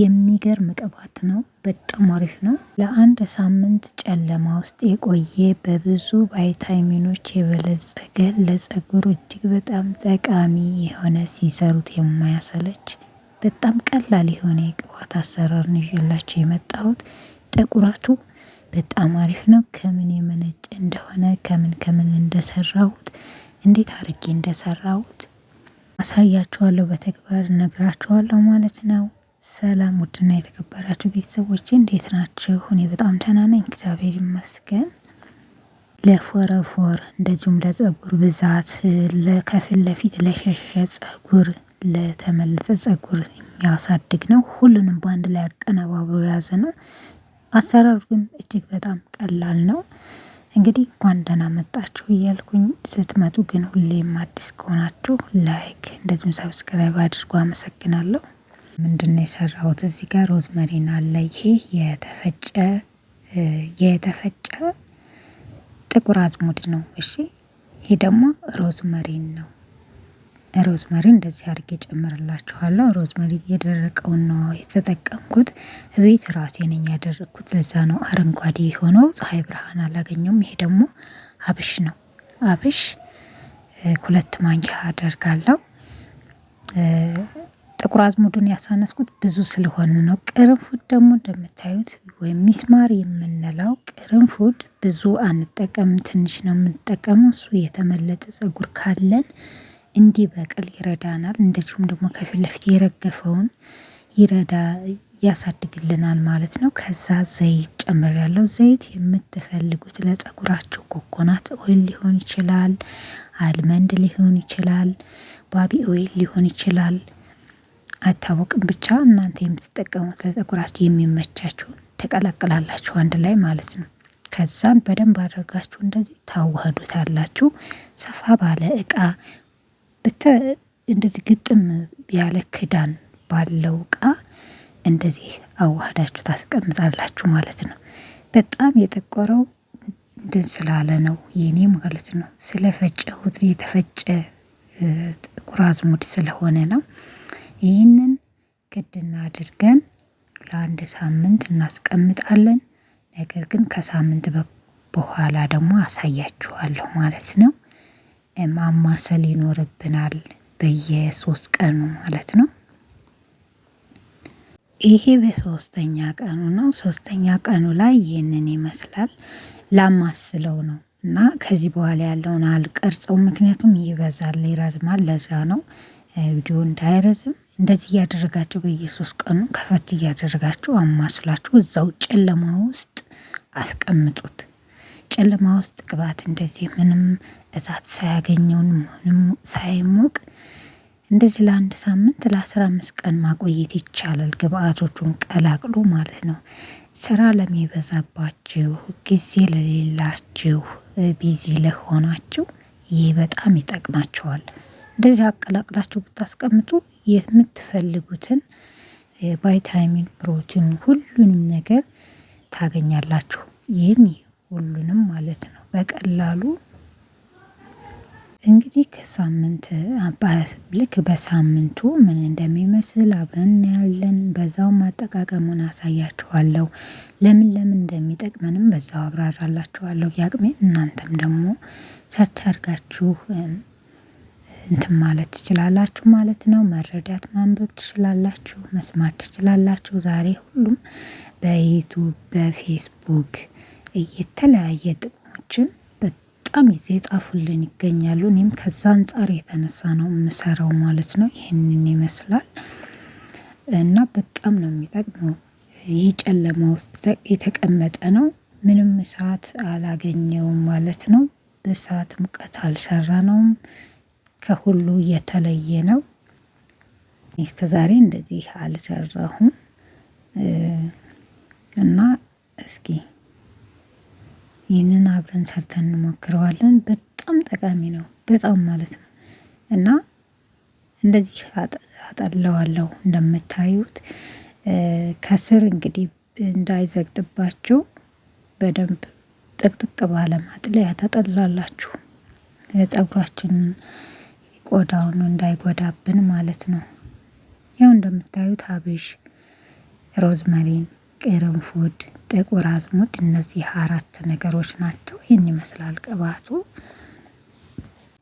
የሚገርም ቅባት ነው። በጣም አሪፍ ነው። ለአንድ ሳምንት ጨለማ ውስጥ የቆየ በብዙ ቫይታሚኖች የበለጸገ ለፀጉር እጅግ በጣም ጠቃሚ የሆነ ሲሰሩት የማያሰለች በጣም ቀላል የሆነ የቅባት አሰራር ነው ይዤላቸው የመጣሁት። ጥቁረቱ በጣም አሪፍ ነው። ከምን የመነጭ እንደሆነ ከምን ከምን እንደሰራሁት እንዴት አድርጌ እንደሰራሁት አሳያችኋለሁ። በተግባር ነግራችኋለሁ ማለት ነው። ሰላም ውድና የተከበራችሁ ቤተሰቦች እንዴት ናችሁ? እኔ በጣም ደህና ነኝ፣ እግዚአብሔር ይመስገን። ለፎረፎር እንደዚሁም ለጸጉር ብዛት ከፊት ለፊት ለሸሸ ጸጉር ለተመለጠ ጸጉር የሚያሳድግ ነው። ሁሉንም በአንድ ላይ አቀነባብሮ የያዘ ነው። አሰራሩ ግን እጅግ በጣም ቀላል ነው። እንግዲህ እንኳን ደህና መጣችሁ እያልኩኝ ስትመጡ ግን ሁሌም አዲስ ከሆናችሁ ላይክ እንደዚሁም ሰብስክራይብ አድርጎ አመሰግናለሁ። ምንድነው የሰራሁት እዚህ ጋር ሮዝመሪን አለ። ይሄ የተፈጨ የተፈጨ ጥቁር አዝሙድ ነው። እሺ ይሄ ደግሞ ሮዝመሪን ነው። ሮዝመሪ እንደዚህ አድርጌ ጨምርላችኋለሁ። ሮዝመሪ የደረቀውን ነው የተጠቀምኩት። ቤት ራሴ ነኝ ያደረግኩት። ለዛ ነው አረንጓዴ የሆነው ፀሐይ ብርሃን አላገኘውም። ይሄ ደግሞ አብሽ ነው። አብሽ ሁለት ማንኪያ አደርጋለሁ። ጥቁር አዝሙዱን ያሳነስኩት ብዙ ስለሆነ ነው። ቅርንፉድ ደግሞ እንደምታዩት ወይም ሚስማር የምንለው ቅርንፉድ ብዙ አንጠቀም ትንሽ ነው የምንጠቀመው። እሱ የተመለጠ ጸጉር ካለን እንዲበቅል ይረዳናል። እንደዚሁም ደግሞ ከፊት ለፊት የረገፈውን ይረዳ ያሳድግልናል ማለት ነው። ከዛ ዘይት ጨምር ያለው ዘይት የምትፈልጉት ለጸጉራችሁ ኮኮናት ኦይል ሊሆን ይችላል፣ አልመንድ ሊሆን ይችላል፣ ባቢ ኦይል ሊሆን ይችላል። አይታወቅም። ብቻ እናንተ የምትጠቀሙት ለፀጉራችሁ የሚመቻችሁን ተቀላቅላላችሁ አንድ ላይ ማለት ነው። ከዛም በደንብ አድርጋችሁ እንደዚህ ታዋህዱታላችሁ። ሰፋ ባለ እቃ ብተ እንደዚህ ግጥም ያለ ክዳን ባለው እቃ እንደዚህ አዋህዳችሁ ታስቀምጣላችሁ ማለት ነው። በጣም የጠቆረው እንትን ስላለ ነው የኔ ማለት ነው። ስለፈጨሁት የተፈጨ ጥቁር አዝሙድ ስለሆነ ነው። ይህንን ክድና አድርገን ለአንድ ሳምንት እናስቀምጣለን። ነገር ግን ከሳምንት በኋላ ደግሞ አሳያችኋለሁ ማለት ነው። ማማሰል ይኖርብናል በየሶስት ቀኑ ማለት ነው። ይሄ በሶስተኛ ቀኑ ነው። ሶስተኛ ቀኑ ላይ ይህንን ይመስላል። ላማስለው ነው እና ከዚህ በኋላ ያለውን አልቀርጸው፣ ምክንያቱም ይበዛል፣ ይረዝማል። ለዛ ነው ቪዲዮ እንዳይረዝም እንደዚህ እያደረጋችሁ በኢየሱስ ቀኑ ከፈት እያደረጋችሁ አማስላችሁ እዛው ጨለማ ውስጥ አስቀምጡት። ጨለማ ውስጥ ቅባት እንደዚህ ምንም እሳት ሳያገኘውን ምንም ሳይሞቅ እንደዚህ ለአንድ ሳምንት ለአስራ አምስት ቀን ማቆየት ይቻላል። ግብአቶቹን ቀላቅሎ ማለት ነው። ስራ ለሚበዛባችሁ፣ ጊዜ ለሌላችሁ፣ ቢዚ ለሆናችሁ ይህ በጣም ይጠቅማችኋል። እንደዚህ አቀላቅላችሁ ብታስቀምጡ የምትፈልጉትን ቫይታሚን፣ ፕሮቲን ሁሉንም ነገር ታገኛላችሁ። ይህን ሁሉንም ማለት ነው በቀላሉ እንግዲህ ከሳምንት ልክ በሳምንቱ ምን እንደሚመስል አብረን እናያለን። በዛው ማጠቃቀሙን አሳያችኋለሁ። ለምን ለምን እንደሚጠቅመንም በዛው አብራራላችኋለሁ። ያቅሜ እናንተም ደግሞ ሰርች አድርጋችሁ እንትን ማለት ትችላላችሁ ማለት ነው። መረዳት ማንበብ ትችላላችሁ፣ መስማት ትችላላችሁ። ዛሬ ሁሉም በዩቱብ በፌስቡክ የተለያየ ጥቅሞችን በጣም ጊዜ ጻፉልን ይገኛሉ። እኔም ከዛ አንጻር የተነሳ ነው የምሰራው ማለት ነው። ይህንን ይመስላል እና በጣም ነው የሚጠቅመው። ይህ ጨለማ ውስጥ የተቀመጠ ነው። ምንም እሳት አላገኘውም ማለት ነው። በእሳት ሙቀት አልሰራ ነውም ከሁሉ የተለየ ነው። እስከ ዛሬ እንደዚህ አልሰራሁም እና እስኪ ይህንን አብረን ሰርተን እንሞክረዋለን። በጣም ጠቃሚ ነው፣ በጣም ማለት ነው እና እንደዚህ አጠለዋለሁ እንደምታዩት ከስር እንግዲህ እንዳይዘግጥባችሁ በደንብ ጥቅጥቅ ባለ ማጥለያ ታጠላላችሁ ፀጉራችንን ቆዳውን እንዳይጎዳብን ማለት ነው። ያው እንደምታዩት ሀብሽ፣ ሮዝመሪን፣ ቅርንፉድ፣ ጥቁር አዝሙድ እነዚህ አራት ነገሮች ናቸው። ይህን ይመስላል ቅባቱ።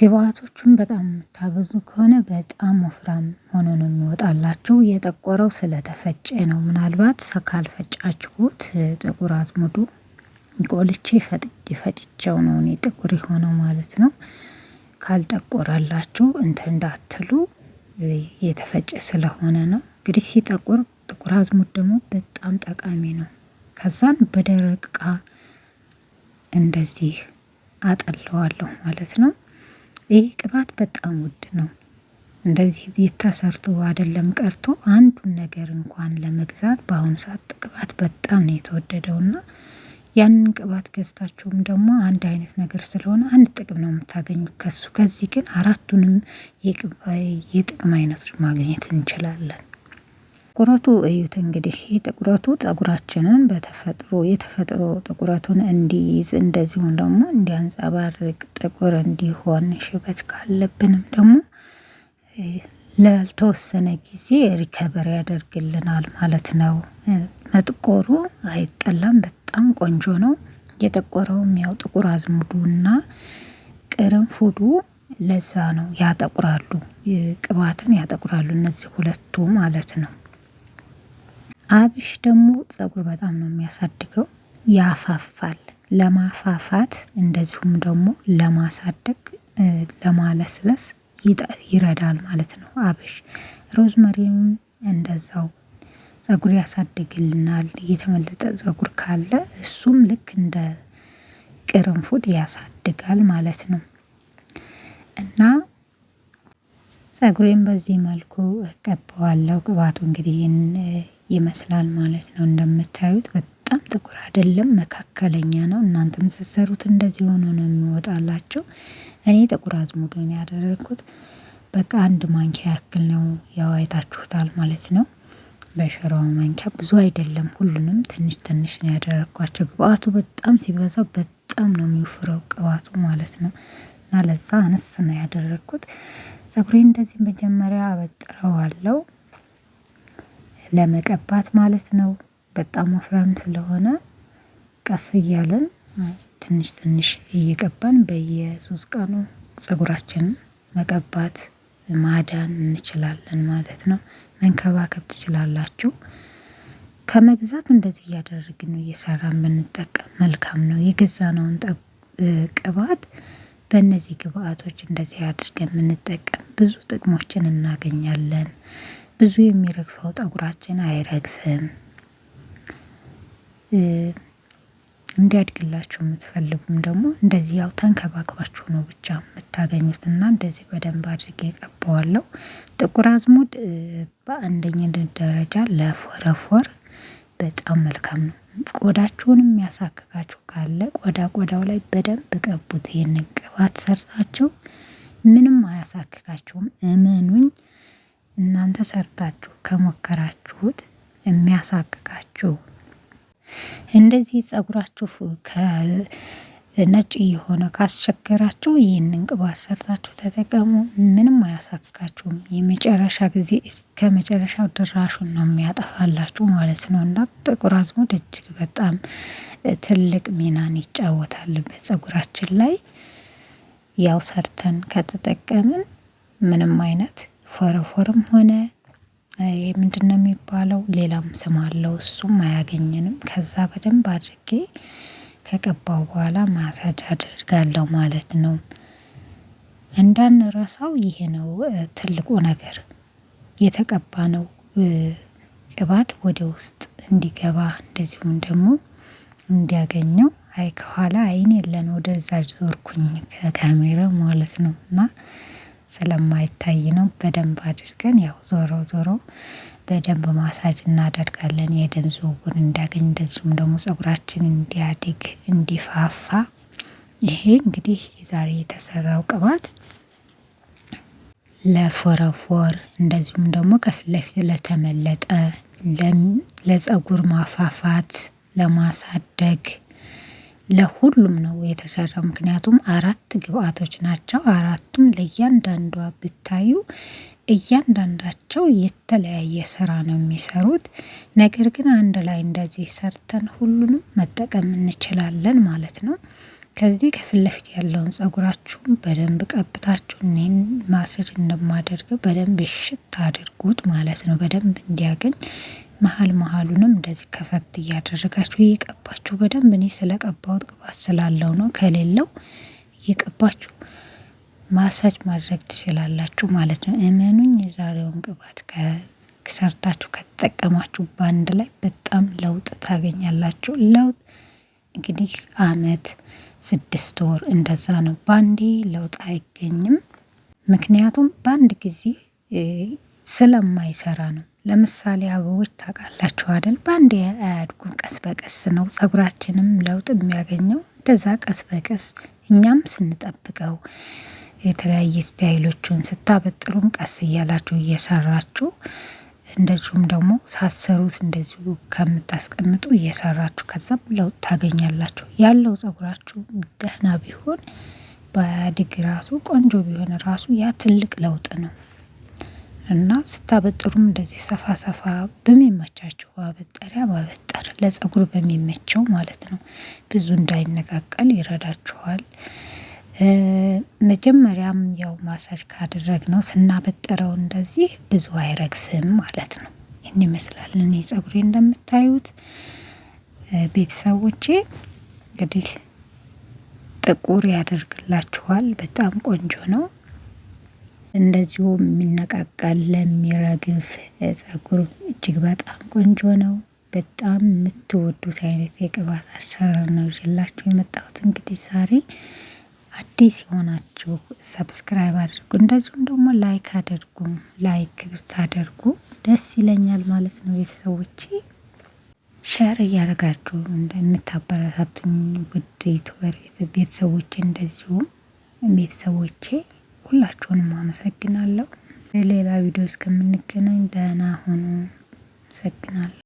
ግብአቶቹን በጣም የምታበዙ ከሆነ በጣም ወፍራም ሆኖ ነው የሚወጣላቸው። የጠቆረው ስለተፈጨ ነው። ምናልባት ካልፈጫችሁት ጥቁር አዝሙዱ ቆልቼ ፈጥጅ ፈጭቸው ነው እኔ ጥቁር የሆነው ማለት ነው። ካልጠቆረላችሁ እንትን እንዳትሉ የተፈጨ ስለሆነ ነው። እንግዲህ ሲጠቁር ጥቁር አዝሙድ ደግሞ በጣም ጠቃሚ ነው። ከዛን በደረቅ እቃ እንደዚህ አጠለዋለሁ ማለት ነው። ይህ ቅባት በጣም ውድ ነው። እንደዚህ ቤት ተሰርቶ አይደለም ቀርቶ አንዱን ነገር እንኳን ለመግዛት በአሁኑ ሰዓት ቅባት በጣም ነው የተወደደውና ያንን ቅባት ገዝታችሁም ደግሞ አንድ አይነት ነገር ስለሆነ አንድ ጥቅም ነው የምታገኙት ከሱ። ከዚህ ግን አራቱንም የጥቅም አይነቶች ማግኘት እንችላለን። ጥቁረቱ እዩት እንግዲህ ይህ ጥቁረቱ ጸጉራችንን በተፈጥሮ የተፈጥሮ ጥቁረቱን እንዲይዝ እንደዚሁም ደግሞ እንዲያንጸባርቅ ጥቁር እንዲሆን ሽበት ካለብንም ደግሞ ለተወሰነ ጊዜ ሪከበር ያደርግልናል ማለት ነው። መጥቆሩ አይጠላም። በጣም ቆንጆ ነው። የጠቆረውም ያው ጥቁር አዝሙዱ እና ቅርንፉዱ ለዛ ነው ያጠቁራሉ፣ ቅባትን ያጠቁራሉ እነዚህ ሁለቱ ማለት ነው። አብሽ ደግሞ ጸጉር በጣም ነው የሚያሳድገው፣ ያፋፋል። ለማፋፋት እንደዚሁም ደግሞ ለማሳደግ ለማለስለስ ይረዳል ማለት ነው። አብሽ ሮዝመሪም እንደዛው ፀጉር ያሳድግልናል። የተመለጠ ፀጉር ካለ እሱም ልክ እንደ ቅርንፉድ ያሳድጋል ማለት ነው። እና ጸጉሬን በዚህ መልኩ እቀባዋለሁ። ቅባቱ እንግዲህ ይህን ይመስላል ማለት ነው። እንደምታዩት በጣም ጥቁር አይደለም፣ መካከለኛ ነው። እናንተም ስትሰሩት እንደዚህ ሆኖ ነው የሚወጣላቸው። እኔ ጥቁር አዝሙዱን ያደረግኩት በቃ አንድ ማንኪያ ያክል ነው። ያዋይታችሁታል ማለት ነው። በሸራው ማንኪያ ብዙ አይደለም፣ ሁሉንም ትንሽ ትንሽ ነው ያደረግኳቸው። ግብአቱ በጣም ሲበዛ በጣም ነው የሚወፍረው ቅባቱ ማለት ነው። እና ለዛ አነስ ነው ያደረግኩት። ጸጉሬ እንደዚህ መጀመሪያ አበጥረዋለው ለመቀባት ማለት ነው። በጣም ወፍራም ስለሆነ ቀስ እያለን ትንሽ ትንሽ እየቀባን በየሶስት ቀኑ ጸጉራችንን መቀባት ማዳን እንችላለን ማለት ነው። መንከባከብ ትችላላችሁ። ከመግዛት እንደዚህ እያደረግን እየሰራን ብንጠቀም መልካም ነው። የገዛነውን ቅባት በእነዚህ ግብአቶች እንደዚህ አድርገን ብንጠቀም ብዙ ጥቅሞችን እናገኛለን። ብዙ የሚረግፈው ጠጉራችን አይረግፍም። እንዲያድግላችሁ የምትፈልጉም ደግሞ እንደዚህ ያው ተንከባክባችሁ ነው ብቻ የምታገኙት። እና እንደዚህ በደንብ አድርጌ ቀባዋለሁ። ጥቁር አዝሙድ በአንደኛ ደረጃ ለፎረፎር በጣም መልካም ነው። ቆዳችሁን የሚያሳክካቸው ካለ ቆዳ ቆዳው ላይ በደንብ ቀቡት። ይህን ቅባት ሰርታችሁ ምንም አያሳክካችሁም። እመኑኝ እናንተ ሰርታችሁ ከሞከራችሁት የሚያሳክካችሁ እንደዚህ ፀጉራችሁ ነጭ የሆነ ካስቸገራችሁ ይህንን ቅባት ሰርታችሁ ተጠቀሙ። ምንም አያሳካችሁም። የመጨረሻ ጊዜ እስከ መጨረሻው ድራሹን ነው የሚያጠፋላችሁ ማለት ነው። እና ጥቁር አዝሙድ እጅግ በጣም ትልቅ ሚናን ይጫወታል በፀጉራችን ላይ። ያው ሰርተን ከተጠቀምን ምንም አይነት ፎረፎርም ሆነ ምንድን ነው የሚባለው ሌላም ስም አለው እሱም አያገኘንም። ከዛ በደንብ አድርጌ ከቀባው በኋላ ማሳጅ አድርጋለሁ ማለት ነው። እንዳንረሳው ይሄ ነው ትልቁ ነገር የተቀባ ነው ቅባት ወደ ውስጥ እንዲገባ እንደዚሁም ደግሞ እንዲያገኘው አይ ከኋላ አይን የለን ወደዛ ዞርኩኝ ከካሜራ ማለት ነው እና ስለማይታይ ነው። በደንብ አድርገን ያው ዞሮ ዞሮ በደንብ ማሳጅ እናደርጋለን የደም ዝውውር እንዲያገኝ እንደዚሁም ደግሞ ፀጉራችን እንዲያድግ እንዲፋፋ። ይሄ እንግዲህ ዛሬ የተሰራው ቅባት ለፎረፎር እንደዚሁም ደግሞ ከፊት ለፊት ለተመለጠ ለፀጉር ማፋፋት ለማሳደግ ለሁሉም ነው የተሰራው። ምክንያቱም አራት ግብአቶች ናቸው። አራቱም ለእያንዳንዷ ብታዩ እያንዳንዳቸው የተለያየ ስራ ነው የሚሰሩት። ነገር ግን አንድ ላይ እንደዚህ ሰርተን ሁሉንም መጠቀም እንችላለን ማለት ነው። ከዚህ ከፊት ለፊት ያለውን ጸጉራችሁን በደንብ ቀብታችሁ እኔን ማስድ እንደማደርገው በደንብ እሽት አድርጉት ማለት ነው። በደንብ እንዲያገኝ መሀል መሀሉንም እንደዚህ ከፈት እያደረጋችሁ እየቀባችሁ በደንብ እኔ ስለቀባሁት ቅባት ስላለው ነው። ከሌለው እየቀባችሁ ማሳጅ ማድረግ ትችላላችሁ ማለት ነው። እመኑኝ የዛሬውን ቅባት ሰርታችሁ ከተጠቀማችሁ በአንድ ላይ በጣም ለውጥ ታገኛላችሁ። ለውጥ እንግዲህ አመት ስድስት ወር እንደዛ ነው። በአንዴ ለውጥ አይገኝም። ምክንያቱም በአንድ ጊዜ ስለማይሰራ ነው። ለምሳሌ አበቦች ታውቃላችሁ አይደል? በአንዴ አያድጉም። ቀስ በቀስ ነው ፀጉራችንም ለውጥ የሚያገኘው እንደዛ ቀስ በቀስ እኛም ስንጠብቀው የተለያየ ስታይሎችን ስታበጥሩም ቀስ እያላችሁ እየሰራችሁ እንደዚሁም ደግሞ ሳሰሩት እንደዚሁ ከምታስቀምጡ እየሰራችሁ ከዛም ለውጥ ታገኛላችሁ። ያለው ፀጉራችሁ ደህና ቢሆን በአዲግ ራሱ ቆንጆ ቢሆን ራሱ ያ ትልቅ ለውጥ ነው። እና ስታበጥሩም እንደዚህ ሰፋ ሰፋ በሚመቻቸው ማበጠሪያ ማበጠር ለፀጉር በሚመቸው ማለት ነው። ብዙ እንዳይነቃቀል ይረዳችኋል። መጀመሪያም ያው ማሳጅ ካደረግነው ስናበጠረው እንደዚህ ብዙ አይረግፍም ማለት ነው። ይህን ይመስላል እኔ ጸጉሬ እንደምታዩት። ቤተሰቦቼ እንግዲህ ጥቁር ያደርግላችኋል በጣም ቆንጆ ነው እንደዚሁ የሚነቃቃል ለሚረግፍ ጸጉር እጅግ በጣም ቆንጆ ነው። በጣም የምትወዱት አይነት የቅባት አሰራር ነው ይዤላችሁ የመጣሁት። እንግዲህ ዛሬ አዲስ የሆናችሁ ሰብስክራይብ አድርጉ፣ እንደዚሁም ደግሞ ላይክ አድርጉ። ላይክ ብታደርጉ ደስ ይለኛል ማለት ነው ቤተሰቦች ሸር እያደረጋችሁ እንደምታበረታቱኝ ውድ ዩቱበር እንደዚሁም ቤተሰቦቼ ሁላችሁንም አመሰግናለሁ። ሌላ ቪዲዮ እስከምንገናኝ ደህና ሁኑ። አመሰግናለሁ።